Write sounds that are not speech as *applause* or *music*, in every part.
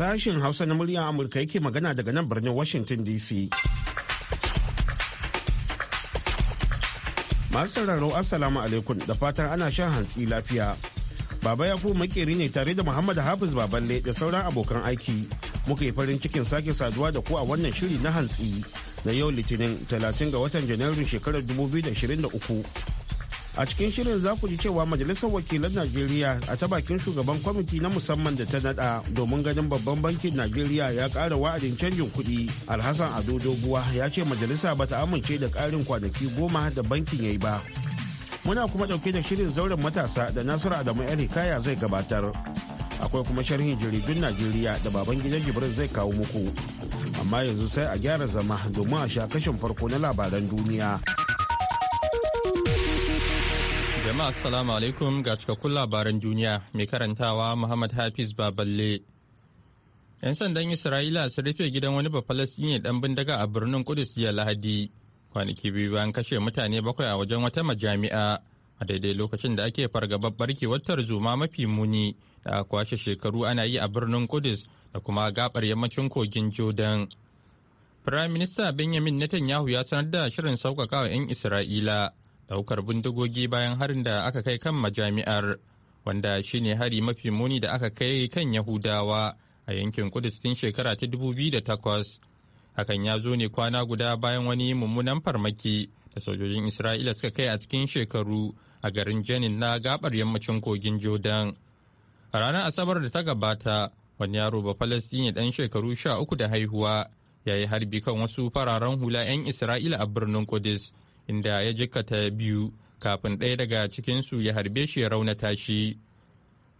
Sashen Hausa na muryar Amurka yake magana daga nan birnin Washington DC. Masu sauraro Assalamu alaikum da fatan ana shan hantsi lafiya. Baba ya makeri ne tare da Muhammad Hafiz Baballe da sauran abokan aiki. Muka yi farin cikin sake saduwa da ku a wannan shiri na hantsi na yau Litinin 30 ga watan Janairun shekarar 2023. a cikin shirin za ku ji cewa majalisar wakilan najeriya a ta bakin shugaban kwamiti na musamman da ta nada domin ganin babban bankin najeriya ya kara wa'adin canjin kuɗi alhassan ado doguwa ya ce majalisa bata amince da karin kwanaki goma da bankin ya yi ba muna kuma ɗauke da shirin zauren matasa da nasiru adamu yan hikaya zai gabatar akwai kuma sharhin jaridun najeriya da baban gidan jibrin zai kawo muku amma yanzu sai a gyara zama domin a sha kashin farko na labaran duniya. Jama'a assalamu alaikum ga cikakkun labaran duniya mai karantawa Muhammad Hafiz Baballe. 'Yan sandan Isra'ila sun rufe gidan wani bafalastini dan bindiga a birnin Kudus jiya Lahadi. Kwanaki biyu bayan kashe mutane bakwai a wajen wata majami'a a daidai lokacin da ake fargabar barkewar zuma mafi muni da kwashe shekaru ana yi a birnin Kudus da kuma gabar yammacin kogin Jordan. Firayim Minista Benjamin Netanyahu ya sanar da shirin sauƙaƙa wa 'yan Isra'ila daukar bindigogi bayan harin da aka kai kan majami'ar wanda shine hari mafi muni da aka kai kan yahudawa a yankin kudus tun shekara ta 2008 hakan ya zo ne kwana guda bayan wani mummunan farmaki da sojojin isra'ila suka kai a cikin shekaru a garin jenin na gabar yammacin kogin jordan a ranar asabar da ta gabata wani yaro ba falastini dan shekaru sha uku da haihuwa ya yi harbi kan wasu fararen hula 'yan isra'ila a birnin kudus inda ya jikkata biyu kafin ɗaya daga cikinsu ya harbe shi ya rauna tashi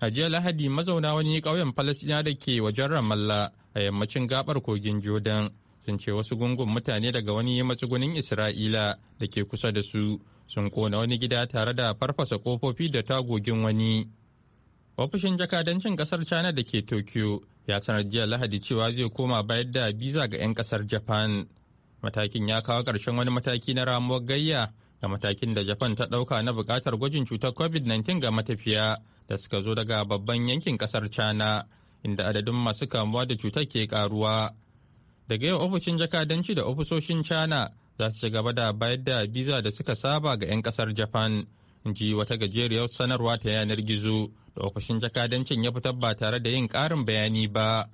A jiya Lahadi mazauna wani ƙauyen falasina da ke wajen ramalla a yammacin gabar kogin Jordan sun ce wasu gungun mutane daga wani matsugunin Isra'ila da ke kusa da su sun kona wani gida tare da farfasa kofofi da tagogin wani. Ofishin jakadancin ƙasar China da ke Tokyo ya sanar jiya Lahadi cewa zai koma bayar da biza ga 'yan ƙasar Japan. matakin ya kawo ƙarshen wani mataki na ramuwar gayya da matakin da japan ta ɗauka na buƙatar gwajin cutar covid-19 ga matafiya da suka zo daga babban yankin ƙasar china inda adadin masu kamuwa da cutar ke ƙaruwa daga yau ofishin jakadanci da ofisoshin china za su ci gaba da bayar da biza da suka saba ga 'yan ƙasar japan ji wata gajeriyar sanarwa ta yanar gizo da ofishin jakadancin ya fitar ba tare da yin ƙarin bayani ba.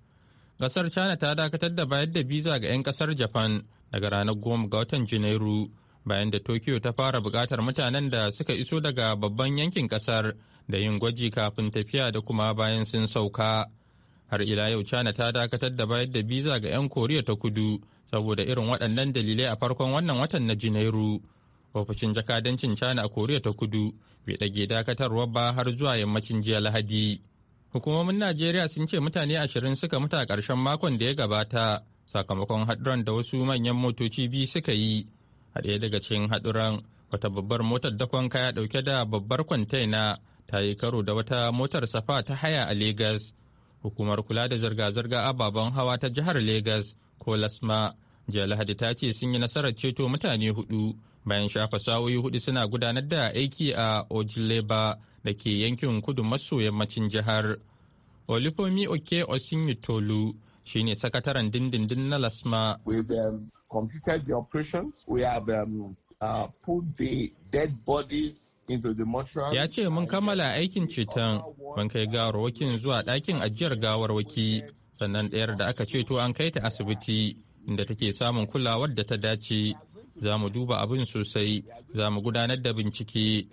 Ƙasar China ta dakatar da bayar da biza ga 'yan ƙasar Japan daga ranar goma ga watan Janairu bayan da Tokyo ta fara bukatar mutanen da suka iso daga babban yankin kasar da yin gwaji kafin tafiya da kuma bayan sun sauka. Har ila yau China ta dakatar da bayar da biza ga 'yan Koriya ta kudu saboda irin waɗannan dalilai a farkon wannan watan na Janairu. Ofishin jakadancin China a Koriya ta kudu bai ɗage dakatarwa ba har zuwa yammacin jiya Lahadi. Hukumomin Najeriya sun ce mutane ashirin suka mutu a ƙarshen makon da ya gabata sakamakon haɗuran da wasu manyan motoci biyu suka yi a ɗaya daga cikin haɗuran wata babbar motar dakon kaya ɗauke da babbar kwantaina ta yi karo da wata motar safa ta haya a Legas. Hukumar kula da zirga-zirga ababen hawa ta jihar Legas ko Lasma jiya Lahadi ta ce sun yi nasarar ceto mutane hudu bayan shafa sa'o'i hudu suna gudanar da aiki a Ojileba da ke yankin kudu maso yammacin jihar. Olifomi Oke tolu. shine sakataren dindindin na lasma. Um, um, uh, ya ce mun kammala aikin ceton mun kai gawarwakin zuwa ɗakin ajiyar gawarwaki sannan ɗayar da aka ceto an kai ta asibiti inda take samun kulawar da ta dace za mu duba abin sosai za mu gudanar da bincike.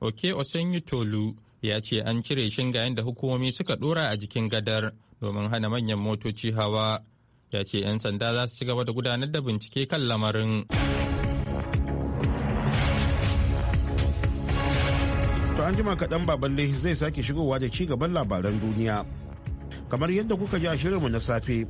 Oke osanyi Tolu ya ce an cire shingayen da hukumomi suka ɗora a jikin gadar domin hana manyan motoci hawa ya ce 'yan sanda za su ci gaba da gudanar da bincike kan lamarin. To an jima kaɗan baballe zai sake shigowa da ci gaban labaran duniya. Kamar yadda kuka ji a shirinmu na safe,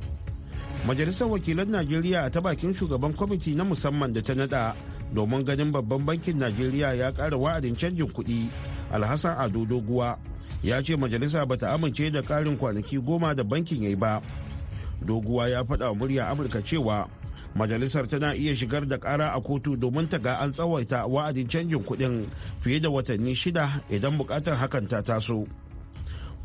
Majalisar Wakilan Najeriya a ta bakin shugaban kwamiti na musamman da ta nada domin ganin babban bankin Najeriya ya kara wa'adin canjin kuɗi Alhassan Ado Doguwa. ya ce majalisa ba ta amince da karin kwanaki goma da bankin ya yi ba doguwa ya faɗa murya amurka cewa majalisar tana iya shigar da ƙara a kotu domin ta ga an tsawaita wa'adin canjin kuɗin fiye da watanni shida idan bukatar hakan ta taso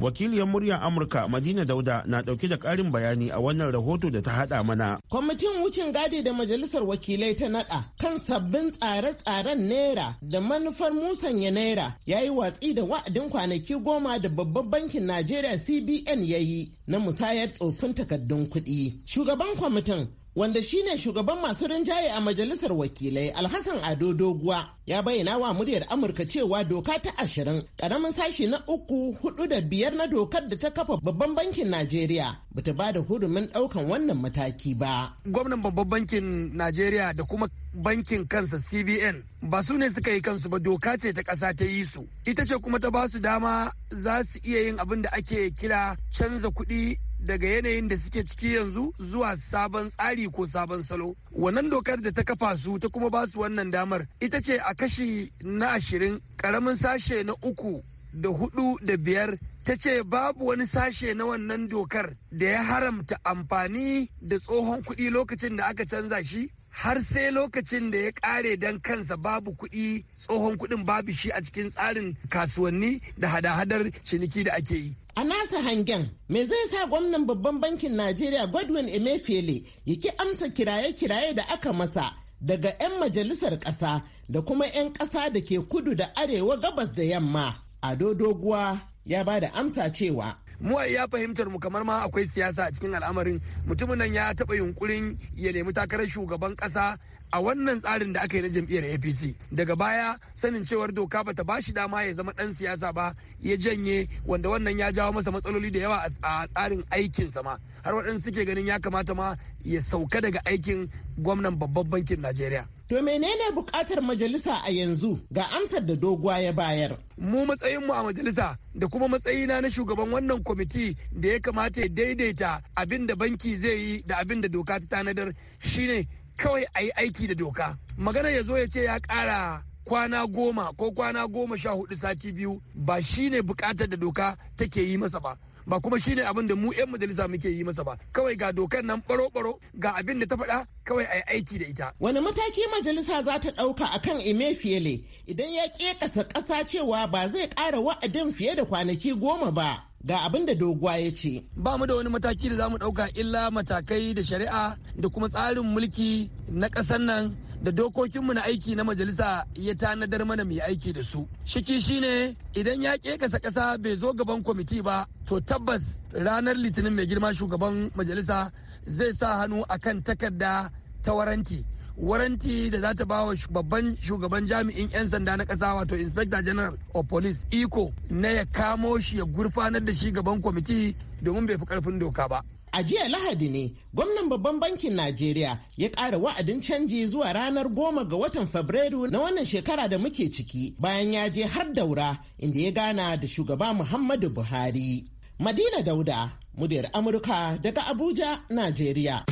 wakiliyar muryar amurka madina dauda na dauke da karin bayani a wannan rahoto da ta hada mana kwamitin wucin gadi da majalisar wakilai ta nada kan sabbin tsare-tsaren naira da manufar musanya naira ya yi watsi da wa'adin kwanaki goma da babban bankin najeriya cbn ya yi na musayar tsoffin takardun kuɗi shugaban kwamitin wanda shine shugaban masu rinjaye a majalisar wakilai alhassan ado doguwa ya bayyana wa muryar amurka cewa doka ta ashirin karamin sashi na uku hudu da biyar na dokar da ta kafa babban bankin najeriya bata ba da hurumin daukan wannan mataki ba gwamnan babban bankin najeriya da kuma bankin kansa cbn ba su ne suka yi kansu ba doka ce ta ƙasa ta yi su ita ce kuma ta ba su dama za su iya yin abin da ake kira canza kuɗi daga yanayin da suke ciki yanzu zuwa sabon tsari ko sabon salo wannan dokar da ta kafa su ta kuma ba su wannan damar ita ce a kashi na ashirin karamin sashe na uku da hudu da biyar ta ce babu wani sashe na wannan dokar da ya haramta amfani da tsohon kuɗi lokacin da aka canza shi har sai lokacin da ya kare don kansa babu kuɗi tsohon kuɗin babu shi a cikin tsarin kasuwanni da hada-hadar ciniki da ake yi. A nasa hangen, me zai sa gwamnan babban bankin Najeriya Godwin Emefiele ya ki amsa kiraye-kiraye da aka masa daga 'yan majalisar ƙasa da kuma 'yan ƙasa da ke kudu da arewa gabas da yamma. Ado Doguwa ya ba da amsa cewa mu a fahimtar mu kamar ma akwai siyasa a cikin al'amarin mutumin nan ya taɓa yunkurin ya nemi takarar shugaban ƙasa a wannan tsarin da aka yi na jam'iyyar apc daga baya sanin cewar doka bata ba shi dama ya zama ɗan siyasa ba ya janye wanda wannan ya jawo masa matsaloli da yawa a tsarin aikinsa ma har waɗansu suke ganin ya kamata ma ya sauka daga aikin gwamnan babban bankin najeriya To menene bukatar majalisa a yanzu ga amsar da doguwa ya bayar? Mu matsayinmu a majalisa da kuma matsayina na shugaban wannan kwamiti da ya kamata ya daidaita abin da banki zai yi da abin da doka ta tanadar shine kawai a yi aiki da doka. Magana ya zo ya ce ya ƙara kwana goma ko kwana goma sha hudu sati biyu ba shine bukatar da doka take yi masa ba. ba kuma shine abin da mu 'yan majalisa muke yi masa ba kawai ga dokar nan baro-baro ga abin da ta faɗa kawai a aiki da ita. Wani mataki majalisa za ta ɗauka a kan Emefiele idan ya ƙeƙasa ƙasa cewa ba zai ƙara wa'adin fiye da kwanaki goma ba. ga abin da doguwa ya ce. Ba mu da wani mataki da za mu ɗauka illa matakai da shari'a da kuma tsarin mulki na ƙasar nan da dokokinmu na aiki na majalisa ya tanadar mana mu yi aiki da su shiki shine idan ya kekasa kasa bai zo gaban kwamiti ba to tabbas ranar litinin mai girma shugaban majalisa zai sa hannu akan takarda ta waranti waranti da za ta bawa babban shugaban jami'in 'yan sanda na ƙasa wato inspector general of police iko na ya kamo shi ya gurfanar da shi gaban kwamiti domin bai fi karfin doka ba A jiya Lahadi ne, gwamnan babban bankin Najeriya ya ƙara wa'adin canji zuwa ranar goma ga watan Fabrairu na wannan shekara da muke ciki bayan ya je har daura inda ya gana da shugaba Muhammadu Buhari. Madina Dauda, muryar Amurka daga Abuja, Najeriya.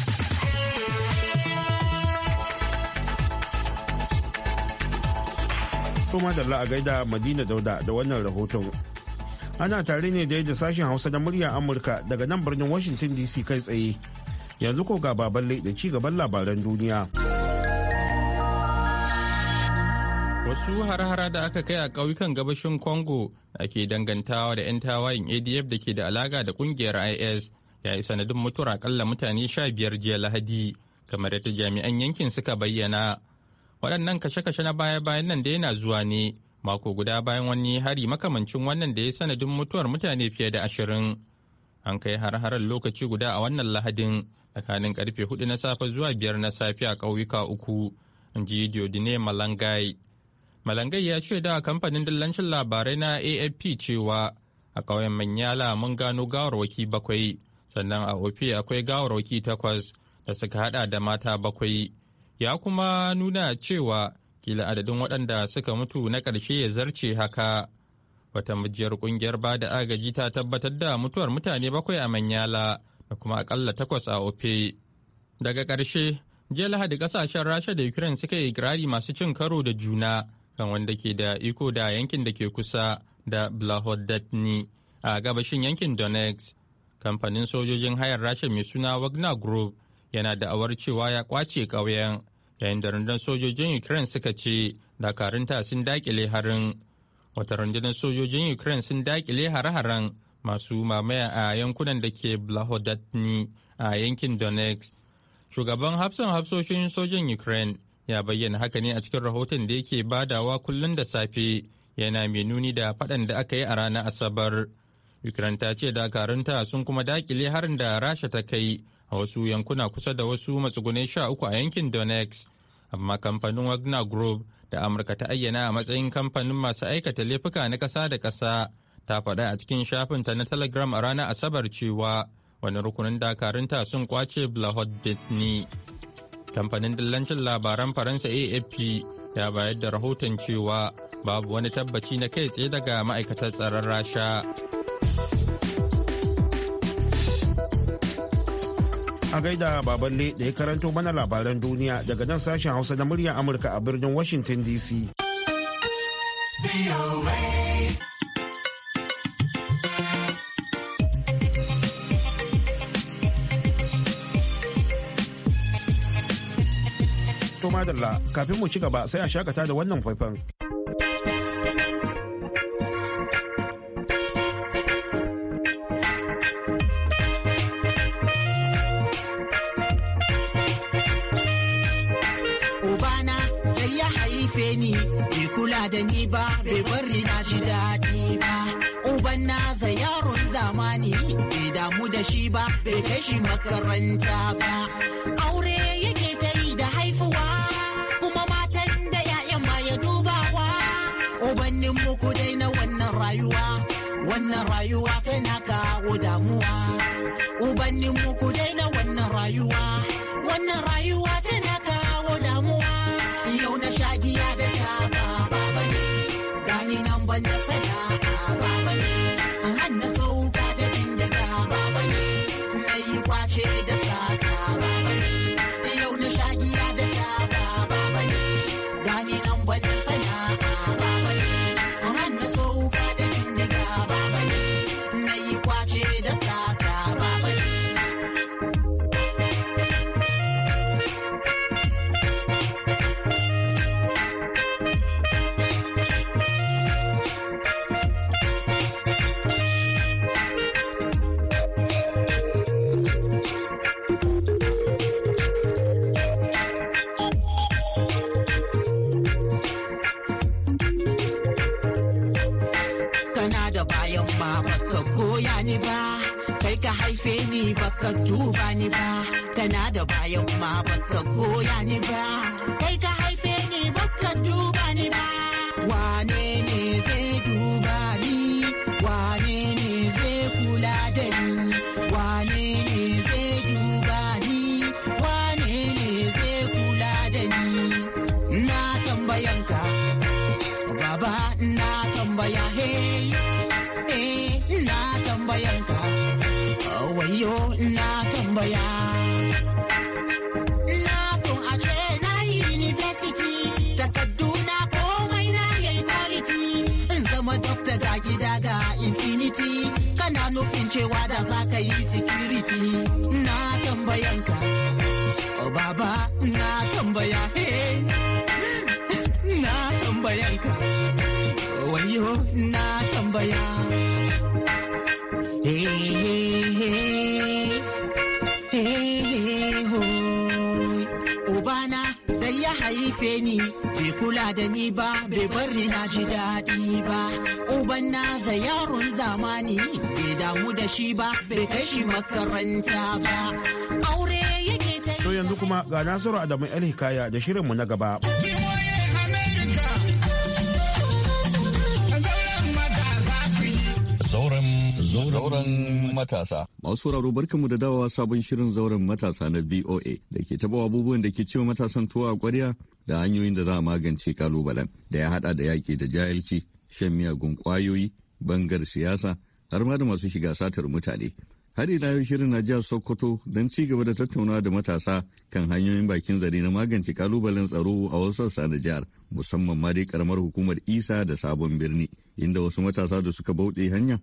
kuma da a gaida Madina Dauda da wannan rahoton ana tare ne da sashen hausa da murya amurka daga nan birnin washington dc kai tsaye yanzu ko ga baban da ci gaban labaran duniya wasu har-hara da aka kai a ƙauyukan gabashin congo ke dangantawa da 'yan tawayin adf da ke da alaƙa da ƙungiyar is ya yi sanadin mutura akalla mutane sha biyar jiya lahadi kamar yadda jami'an yankin suka bayyana waɗannan kashe-kashe na baya-bayan nan da yana zuwa ne mako guda bayan wani hari makamancin wannan da ya sanadin mutuwar mutane fiye da ashirin an kai har-harar lokaci guda a wannan lahadin tsakanin karfe hudu na safe zuwa biyar na safe a ƙauyuka uku in ji diodine malangai malangai ya ce da kamfanin dillancin labarai na afp cewa a ƙauyen manyala mun gano gawarwaki bakwai sannan a op akwai gawarwaki takwas da suka hada da mata bakwai ya kuma nuna cewa kila adadin waɗanda suka mutu na ƙarshe ya zarce haka wata mijiyar ƙungiyar ba da agaji ta tabbatar da mutuwar mutane bakwai a manyala da kuma akalla takwas a ofe daga ƙarshe jiya lahadi ƙasashen rasha da ukraine suka yi ikirari masu cin karo da juna kan wanda ke da iko da yankin da ke kusa da blahodatni a gabashin yankin donetsk kamfanin sojojin hayar rasha mai suna wagner group yana da awar cewa ya kwace ƙauyen yayin da rundunar sojojin ukraine suka ce dakarunta sun dakile harin wata rundunar sojojin ukraine sun dakile hare-haren masu mamaya a yankunan da ke blahodatni a yankin donetsk shugaban hafsan hafsoshin sojin ukraine ya bayyana haka ne a cikin rahoton da yake badawa kullum da safe yana mai nuni da faɗan da aka yi a ranar asabar ukraine ta ce dakarunta sun kuma dakile harin da rasha ta kai a wasu yankuna kusa da wasu matsugunai sha uku a yankin Donetsk. Amma kamfanin Wagner Group da Amurka ta ayyana a matsayin kamfanin masu aikata laifuka na ƙasa da ƙasa ta faɗa a cikin shafinta na Telegram a ranar Asabar cewa wani rukunin dakarunta sun kwace Blahodnitny. Kamfanin dillancin labaran Faransa AFP ya bayar da rahoton cewa babu wani tabbaci na kai tsaye daga ma'aikatar tsaron Rasha. a gaida baballe da ya karanto mana labaran duniya daga nan sashen hausa na murya amurka a birnin washington dc To madalla kafin mu ci gaba sai a shakata da wannan faifan. naza yaron zamani bai damu da shi ba bai kai shi makaranta ba aure yake ta yi da haifuwa kuma matan da 'ya'yan ma ya dubawa ubannin muku dai na wannan rayuwa wannan rayuwa tana kawo damuwa ubannin muku dai na wannan rayuwa wannan rayuwa tana kawo damuwa yau na shagiya da ta ba ba ne gani nan ban da sana'a watch it. cewa da za ka yi security na tambayanka oh baba na tambaya eh, na tambayanka oh, wayo na tambaya da ni ba bai bari na ji daɗi ba uban za yaron zamani bai damu da shi ba bai kai shi makaranta ba aure yake ta to yanzu kuma ga nasiru adamu 'yan hikaya da shirinmu na gaba Zauren matasa. Masu sauraro barkanmu da dawowa sabon shirin zauren matasa na boa da ke taɓa abubuwan da ke cewa matasan tuwa a ƙwarya da hanyoyin da za a magance kalubalen da ya haɗa da yaƙi da jahilci, shan miyagun ƙwayoyi, bangar siyasa, har ma da masu shiga satar mutane. Har ila yau shirin na jihar Sokoto don ci gaba da tattaunawa da matasa kan hanyoyin bakin zare na magance kalubalen tsaro a wasu sassa na jihar, musamman ma dai karamar hukumar Isa da Sabon Birni, inda wasu matasa da suka bauɗe hanya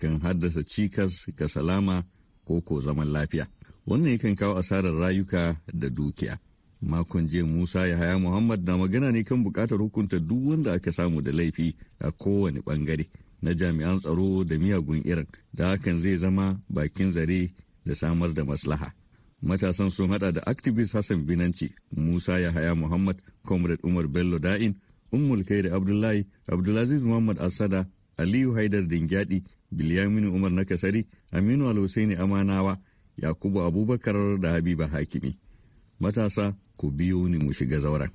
kan haddasa cikas ga salama ko ko zaman lafiya. Wannan yakan kawo asarar rayuka da dukiya. Makon jiya Musa ya haya Muhammad na magana ne kan bukatar hukunta duk wanda aka samu da laifi a kowane bangare na jami'an tsaro da miyagun irin da hakan zai zama bakin zare da samar da maslaha. Matasan sun hada da activist Hassan Binanci, Musa ya haya Muhammad, Comrade Umar Bello Da'in, Ummul da Abdullahi, Abdulaziz Muhammad Asada, Aliyu Haidar Dingyadi Bilyaminu Umar na Kasari, Aminu Alhussaini Amanawa, Yakubu Abubakar da Habiba Hakimi. Matasa ku biyo ni mu shiga zauren.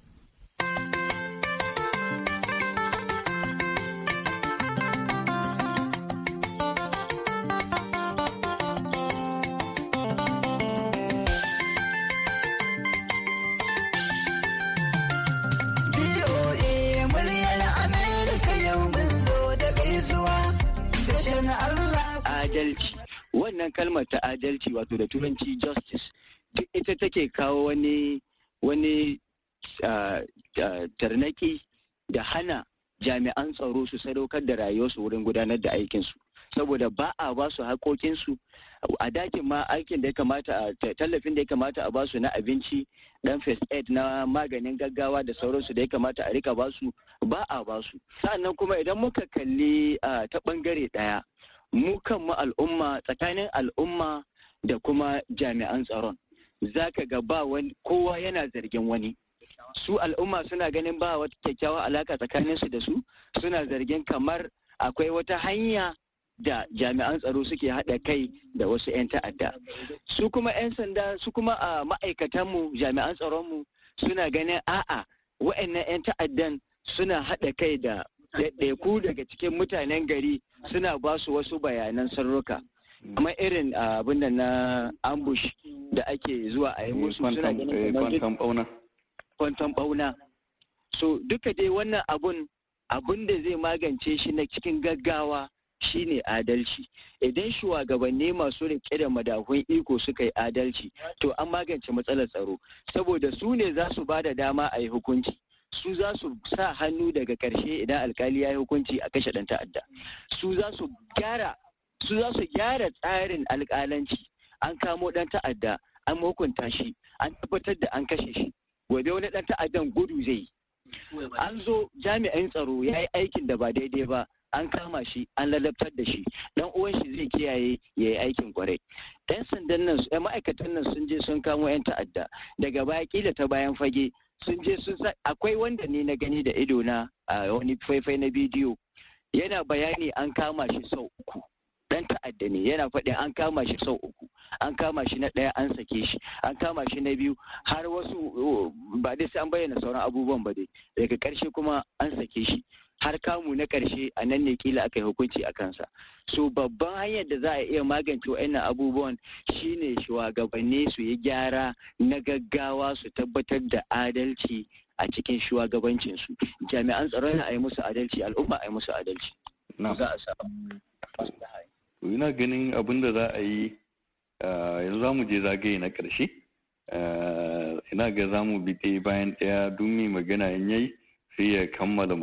adalci wato da turanci justice duk ita take kawo wani wani ah, ah, tarnaki da hana jami'an tsaro su sadaukar da rayuwarsu wurin gudanar da aikinsu saboda ba a ba su haƙoƙinsu a dakin ma aikin da ya kamata tallafin da ya kamata a ba su na abinci dan first aid na maganin gaggawa da sauransu da ya kamata a rika ba su ba a ba su sa'annan kuma idan muka kalli ah, ta bangare ɗaya mu kanmu al'umma tsakanin al'umma da kuma jami'an tsaron za ka ga ba wani kowa yana zargin wani su al'umma suna ganin ba wata kyakkyawa alaka su da su suna zargin kamar akwai wata hanya da jami'an tsaro suke haɗa kai da wasu 'yan ta'adda su kuma 'yan sanda su kuma a mu jami'an tsaron mu suna ganin a'a wa'annan 'yan ta'addan suna haɗa kai da ɗaiɗaiku daga cikin mutanen gari suna basu wasu bayanan sarruka amma irin ah, abin da na ambush da ake zuwa a yi eh, musu suna eh, kwantan bauna. So duka dai wannan abun abun da zai magance shi na cikin gaggawa shine adalci idan shugabanni masu rike da madahun iko suka yi adalci to an magance matsalar tsaro saboda su ne za su ba da dama a yi hukunci su za su sa hannu daga karshe idan alkali ya yi hukunci a kashe ɗan ta'adda su za su gyara su za su gyara tsarin alkalanci an kamo ɗan ta'adda an hukunta shi an tabbatar da an kashe shi gobe wani ɗan ta'addan gudu zai yi an zo jami'an tsaro ya yi aikin da ba daidai ba an kama shi an lalabtar da shi dan uwan shi zai kiyaye ya yi aikin kwarai yan sandan nan yan ma'aikatan nan sun je sun kamo yan ta'adda daga baya kila ta bayan fage sun je sun sa akwai wanda ne na gani da ido na a wani faifai na bidiyo yana bayani an kama shi sau uku dan ta'adda ne yana faɗi an kama shi sau uku an kama shi na ɗaya an sake shi an kama shi na biyu har wasu uh, ba dai sai an bayyana sauran abubuwan ba dai daga ƙarshe kuma an sake shi har kamu na ƙarshe a nan ne kila aka yi hukunci a kansa so babban hanyar da za a iya magance wa'annan abubuwan shine shugabanni su yi gyara na gaggawa su tabbatar da adalci a cikin shugabancinsu jami'an tsaron a yi musu adalci al'umma a yi musu adalci za a samu to ina ganin abin da za a yi yanzu za mu je zagaye na ƙarshe ina ga za mu bi bayan ɗaya dumi magana in yayi sai ya kammala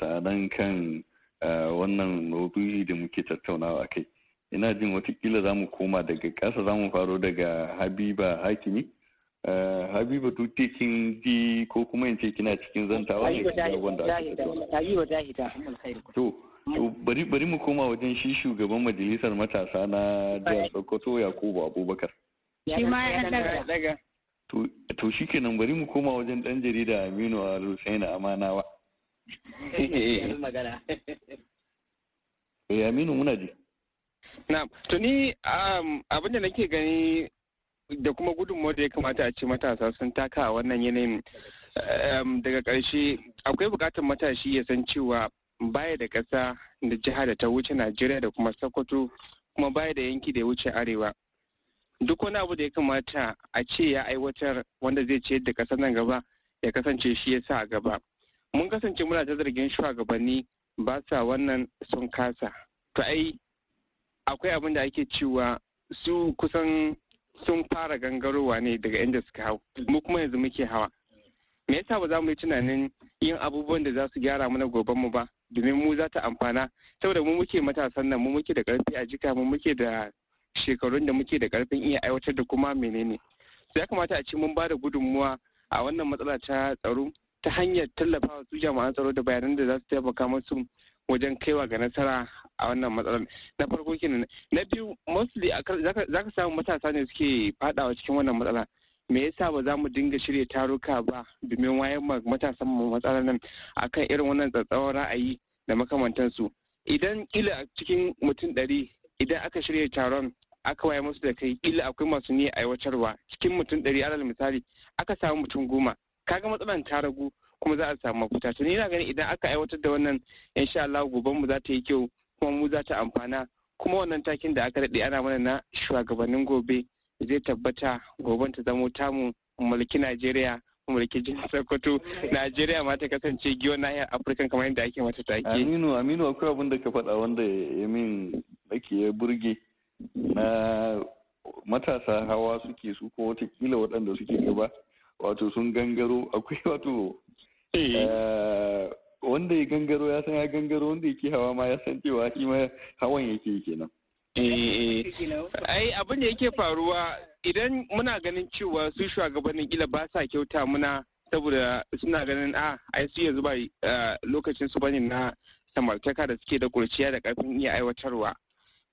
sa nan kan wannan maudu'i da muke tattaunawa kai ina jin watakila za mu koma daga ƙasa za mu faro daga habiba hakimi habiba tutte kin ji ko kuma in ce kina cikin zantawa ne kan wanda bari bari mu koma wajen shi shugaban majalisar matasa na jihar Sokoto Yakubu Abubakar. Shi ma ya daga. To shi kenan bari mu koma wajen ɗan jarida Aminu a lusaina Amanawa. *laughs* *laughs* Eh Aminu muna ji. Na, to ni abin da nake gani da kuma gudunmawar da ya kamata a ce matasa sun taka a wannan yanayin eh, daga ƙarshe akwai buƙatar matashi ya san cewa baya da ƙasa da jiha da ta wuce najeriya da kuma sokoto kuma baya da yanki da ya wuce arewa duk wani abu da ya kamata a ce ya aiwatar wanda zai ce da ƙasar nan gaba ya kasance shi ya sa a gaba mun kasance muna ta zargin shugabanni ba sa wannan sun kasa to ai akwai abin da ake cewa su kusan sun fara gangarowa ne daga inda suka hau mu kuma yanzu muke hawa me yasa ba za mu yi tunanin yin abubuwan da za su gyara mana goben mu ba domin mu za ta amfana saboda mu muke matasan nan mu muke da karfi a jika mu muke da shekarun da muke da karfin iya aiwatar da kuma menene ya kamata a ce mun ba da gudunmuwa a wannan matsala ta tsaro ta hanyar tallafawa su jama'an tsaro da bayanan da za su taimaka musu wajen kaiwa ga nasara a wannan matsalar na farko kenan na biyu mostly za ka samu matasa ne suke fadawa cikin wannan matsala me yasa ba za mu dinga shirya taruka ba domin wayar matasan mu matsalar nan akan irin wannan tsatsawar ra'ayi da makamantansu idan kila a cikin mutum ɗari idan aka shirya taron aka waye musu da kai kila akwai masu niyyar aiwatarwa cikin mutum ɗari alal misali aka samu mutum goma kaga matsalar ta ragu kuma za a samu mafita to ni ina ganin idan aka aiwatar da wannan insha Allah goban mu za ta yi kyau kuma mu za ta amfana kuma wannan takin da aka daɗe ana mana na shugabannin gobe zai tabbata goben ta zamo tamu mulki najeriya mulki jihar sokoto najeriya ma ta kasance giyon nahiyar afirka kamar yadda ake mata take aminu aminu akwai abin da ka faɗa wanda ya min ake ya burge na matasa hawa suke su ko watakila waɗanda suke gaba wato sun gangaro akwai wato eh. Eh, wanda ya gangaro ya san ya gangaro wanda yake hawa ma ya san cewa shi ma hawan yake kenan Eh, eh. ai abin da yake faruwa idan muna ganin cewa su shugabannin kila ba sa kyauta muna saboda suna ganin a ah, ai su yanzu ba eh, lokacin su bane na samartaka da suke da kurciya da karfin iya aiwatarwa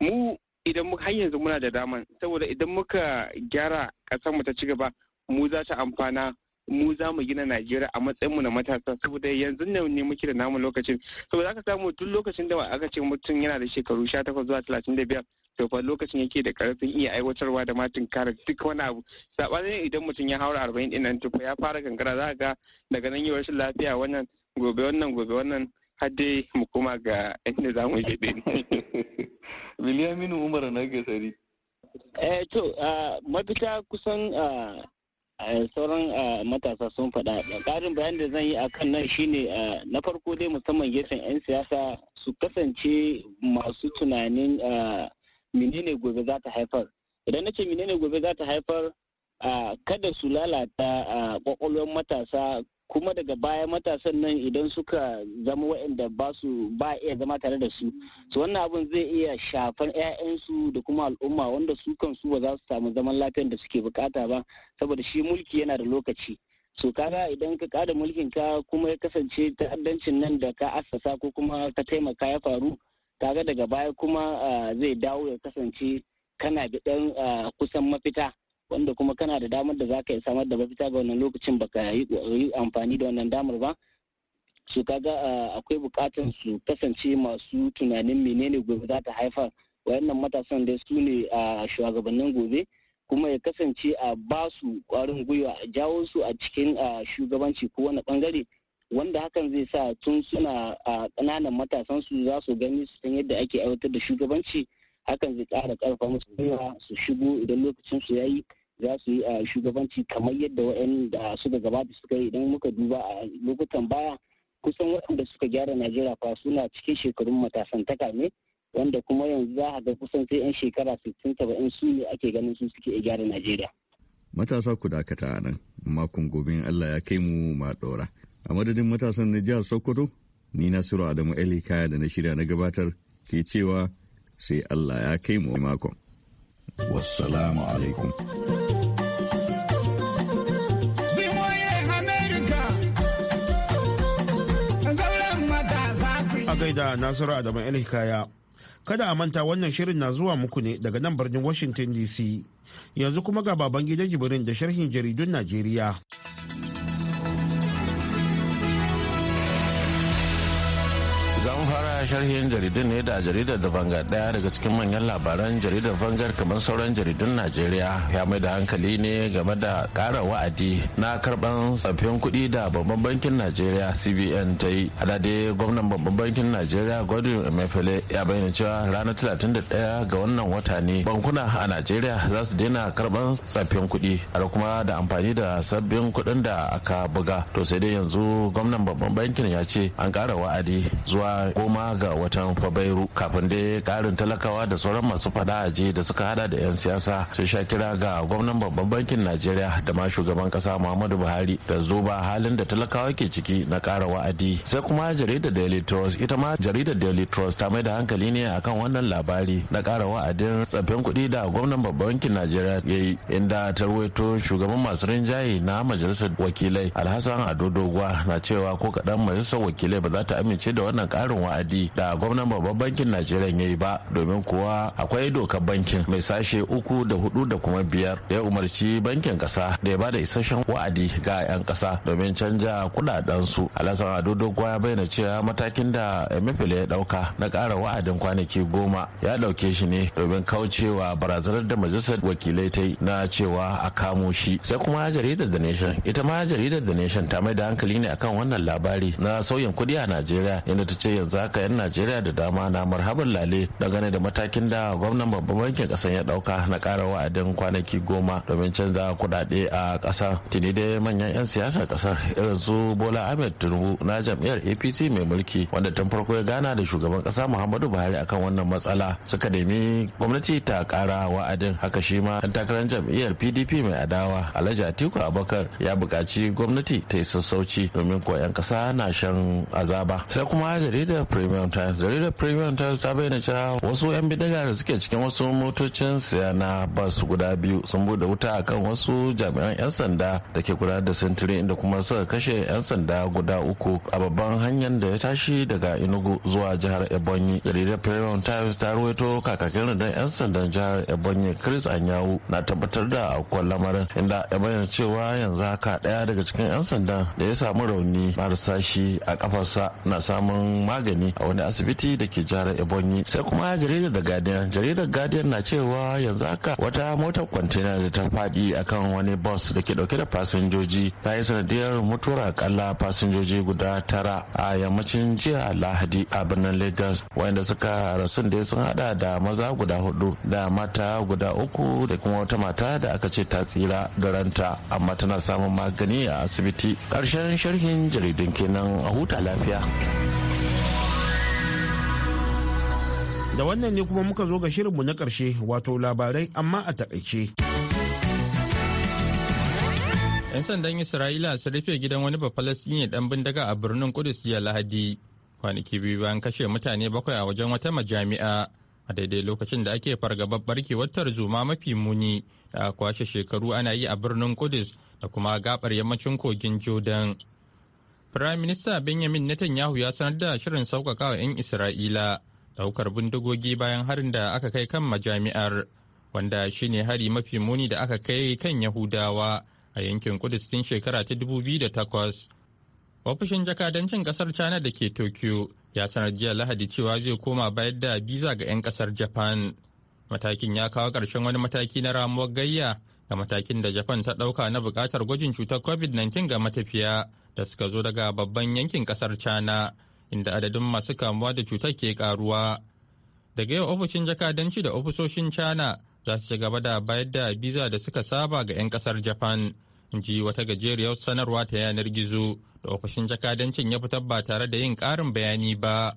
mu idan mu har yanzu muna da daman saboda idan muka gyara kasar mu ta ci gaba mu za ta amfana mu za mu gina Najeriya a matsayin mu na matasa saboda yanzu nan ne muke da namu lokacin saboda aka samu tun lokacin da aka ce mutum yana da shekaru 18 zuwa 35 to fa lokacin yake da karfin iya aiwatarwa da matin kare duk wani abu sabanin idan mutum ya haura 40 din nan to ya fara gangara za ga daga nan yi shi lafiya wannan gobe wannan gobe wannan har dai mu koma ga inda za mu je din *laughs* Biliyaminu Umar na gasari. Eh to mafita kusan sauran matasa sun faɗa ƙarin bayan da zan yi a kan nan shine na farko dai musamman gefen 'yan siyasa su kasance masu tunanin menene gobe za ta haifar idan na ce menene gobe za ta haifar kada su lalata ƙwaƙwalwar matasa kuma daga baya matasan nan idan suka zama waɗanda ba su ba iya zama tare da su su wannan abin zai iya shafan 'ya'yansu da kuma al'umma wanda su kansu ba za su samu zaman lafiyar da suke bukata ba saboda shi mulki yana da lokaci so kaga idan ka kada mulkin ka kuma ya kasance ta'addancin nan da ka assasa ko kuma ka taimaka ya faru kaga daga baya kuma ah, zai dawo ya kasance kana da dan ah, kusan mafita wanda kuma kana da damar da za ka samar da mafita ga wannan lokacin ba ka yi amfani da wannan damar ba su ga ah, akwai bukatar su kasance masu tunanin menene gobe za ta haifar wayannan matasan dai su ne a ah, shugabannin gobe kuma ya kasance a ba su kwarin gwiwa a jawo su a cikin ah, shugabanci ko wani bangare wanda hakan zai sa tun suna a ƙananan matasan su za su gani su san yadda ake aiwatar da shugabanci hakan zai ƙara ƙarfa musu gwiwa su shigo idan lokacin su yayi za su yi a eh, shugabanci kamar yadda waɗanda suka gabata suka yi idan muka duba a lokutan baya kusan waɗanda suka gyara najeriya fa suna cikin shekarun matasantaka ne wanda kuma yanzu za a ga kusan sai 'yan shekara 60 su ne ake ganin su suke gyara najeriya matasa ku dakata a nan makon gobe allah ya kai mu ma ɗora a madadin matasan na jihar sokoto ni nasiru adamu eli kaya da na shirya na gabatar ke cewa sai allah ya kai mu makon Wassalamu alaikum. A gaida Nasiru Adamu 'yan Hikaya. Kada a manta wannan shirin na zuwa muku ne daga nan birnin Washington DC. Yanzu kuma ga baban gidan jibirin da sharhin jaridun Najeriya. sharhin jaridun ne da jaridar da bangar daya daga cikin manyan labaran jaridar bangar kamar sauran jaridun najeriya ya mai da hankali ne game da kara wa'adi na karban tsaffin kuɗi da babban bankin najeriya cbn ta yi hadade gwamnan babban bankin najeriya godwin emefele ya bayyana cewa ranar 31 ga wannan wata ne bankuna a najeriya za su daina karban tsaffin kuɗi har kuma da amfani da sabbin kuɗin da aka buga to sai dai yanzu gwamnan babban bankin ya ce an kara wa'adi zuwa goma ga watan fabairu kafin dai karin talakawa da sauran masu fada aje da suka hada da 'yan siyasa sun sha kira ga gwamnan babban bankin najeriya da ma shugaban kasa muhammadu buhari da zuba halin da talakawa ke ciki na kara wa'adi sai kuma jaridar daily trust ita ma jaridar daily trust ta mai da hankali ne akan wannan labari na kara wa'adin tsaffin kuɗi da gwamnan babban bankin najeriya ya yi inda tarwaito shugaban masu rinjaye na majalisar wakilai alhassan ado doguwa na cewa ko kaɗan majalisar wakilai ba za ta amince da wannan ƙarin wa'adi kudi da gwamnan babban bankin najeriya ya yi ba domin kuwa akwai dokar bankin mai sashe uku da hudu da kuma biyar da ya umarci bankin kasa da ya bada isasshen wa'adi ga 'yan kasa domin canja su alasan ado doguwa ya bayyana cewa matakin da emefile ya dauka na kara wa'adin kwanaki goma ya dauke shi ne domin kaucewa barazanar da majalisar wakilai ta na cewa a kamo shi sai kuma jaridar the nation ita ma jaridar the nation ta mai da hankali ne akan wannan labari na sauyin kudi a najeriya inda ta ce yanzu haka 'yan najeriya da dama na marhaban lale dangane da matakin da gwamnan babban bankin kasan ya dauka na kara wa'adin kwanaki goma domin canza kudade a kasa tuni dai manyan 'yan siyasar kasar irin su bola ahmed tinubu na jam'iyyar apc mai mulki wanda tun farko ya gana da shugaban kasa muhammadu buhari akan wannan matsala suka nemi gwamnati ta kara wa'adin haka shi ma dan takarar jam'iyyar pdp mai adawa alhaji atiku abubakar ya buƙaci gwamnati ta yi sassauci domin ko 'yan kasa na shan azaba sai kuma jaridar premier premium times jaridar premium times ta bayyana cewa wasu 'yan bidiga da suke cikin wasu motocin siya na bas guda biyu sun bude wuta a kan wasu jami'an 'yan sanda da ke gudanar da sintiri inda kuma suka kashe 'yan sanda guda uku a babban hanyar da ya tashi daga inugu zuwa jihar ebonyi jaridar premium times ta ruwaito kakakin rundunar 'yan sanda jihar ebonyi chris anyawu na tabbatar da akwai lamarin inda ya bayyana cewa yanzu haka daya daga cikin 'yan sanda da ya samu rauni marasa shi a kafarsa na samun magani a wani asibiti da ke jihar ebonyi sai kuma jaridar da guardian jaridar guardian na cewa yanzu haka wata motar kwantena da ta faɗi akan wani bus da ke dauke da fasinjoji ta yi sanadiyar mutuwar akalla fasinjoji guda tara a yammacin jiya lahadi a birnin lagos wanda suka rasu da sun hada da maza guda hudu da mata guda uku da kuma wata mata da aka ce ta tsira da ranta amma tana samun magani a asibiti ƙarshen sharhin jaridun kenan a huta lafiya. da wannan ne kuma muka zo ga shirinmu na ƙarshe wato labarai amma a takaice. 'yan sandan isra'ila sun rufe gidan wani bafalasini dan bindiga a birnin kudus ya lahadi kwanaki biyu bayan kashe mutane bakwai a wajen wata majami'a a daidai lokacin da ake fargabar barkewar zuma mafi muni da a kwashe shekaru ana yi a birnin kudus da kuma gabar yammacin kogin jordan firayim minista benjamin netanyahu ya sanar da shirin sauƙaƙa wa 'yan isra'ila daukar bindigogi bayan harin da aka kai kan majami'ar wanda shine hari mafi muni da aka kai kan yahudawa a yankin kudus tun shekara ta 2008 ofishin jakadancin kasar china da ke tokyo ya sanar jiya lahadi cewa zai koma bayar da biza ga 'yan kasar japan matakin ya kawo ƙarshen wani mataki na ramuwar gayya ga matakin da japan ta ɗauka na buƙatar gwajin cutar covid-19 ga matafiya da suka zo daga babban yankin kasar china inda adadin masu kamuwa da cutar ke karuwa daga yau ofishin jakadanci da ofisoshin china za su ci gaba da bayar da biza da suka saba ga 'yan kasar japan in ji wata gajeriyar sanarwa ta yanar gizo da ofishin jakadancin ya fitar ba tare da yin ƙarin bayani ba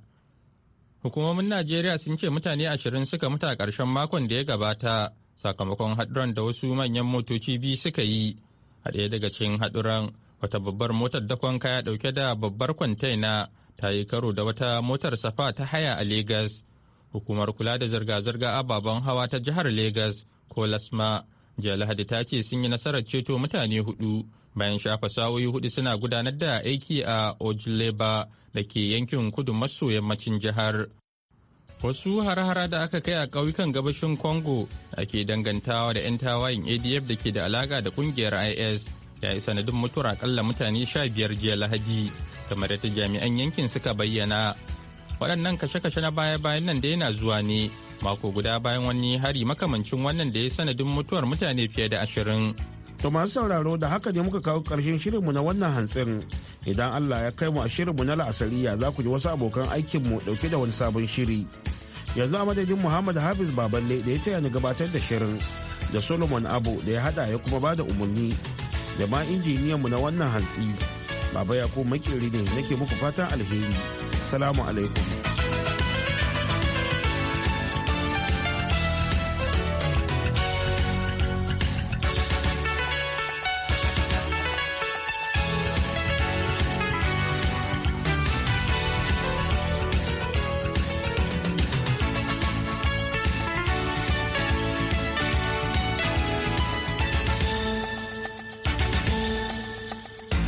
hukumomin najeriya sun ce mutane ashirin suka mutu a ƙarshen makon da ya gabata sakamakon haɗuran da wasu manyan motoci biyu suka yi a ɗaya daga cikin haɗuran wata babbar motar dakon kaya ɗauke da babbar kwantaina ta yi karo da wata motar safa ta haya a Legas. Hukumar kula da zirga-zirga ababen hawa ta jihar Legas ko Lasma jiya Lahadi ta ce sun yi nasarar ceto mutane hudu bayan shafa sa'o'i hudu suna gudanar da aiki a Ojleba da ke yankin kudu maso yammacin jihar. Wasu har-hara da aka kai a ƙauyukan gabashin Congo ake dangantawa da 'yan tawayin ADF da ke da alaƙa da ƙungiyar IS ya yi sanadin mutuwar akalla mutane sha biyar jiya lahadi kamar yadda jami'an yankin suka bayyana waɗannan kashe-kashe na baya-bayan nan da yana zuwa ne mako guda bayan wani hari makamancin wannan da ya sanadin mutuwar mutane fiye da ashirin To masu sauraro da haka ne muka kawo ƙarshen mu na wannan hantsin. Idan Allah ya kai mu a shirin mu na la'asariya za ku ji wasu abokan aikinmu ɗauke da wani sabon shiri. Yanzu a madadin Muhammad Hafiz Baballe da ya taya ni gabatar da shirin da Solomon Abu da ya hada ya kuma ba da umarni da ma injiniyanmu na wannan hantsi baba ya ko makeri ne nake muku fatan alheri salamu alaikum